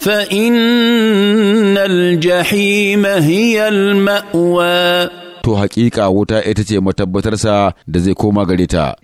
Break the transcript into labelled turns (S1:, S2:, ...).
S1: فإن to haƙiƙa wuta ita ce matabbatarsa da zai koma gare ta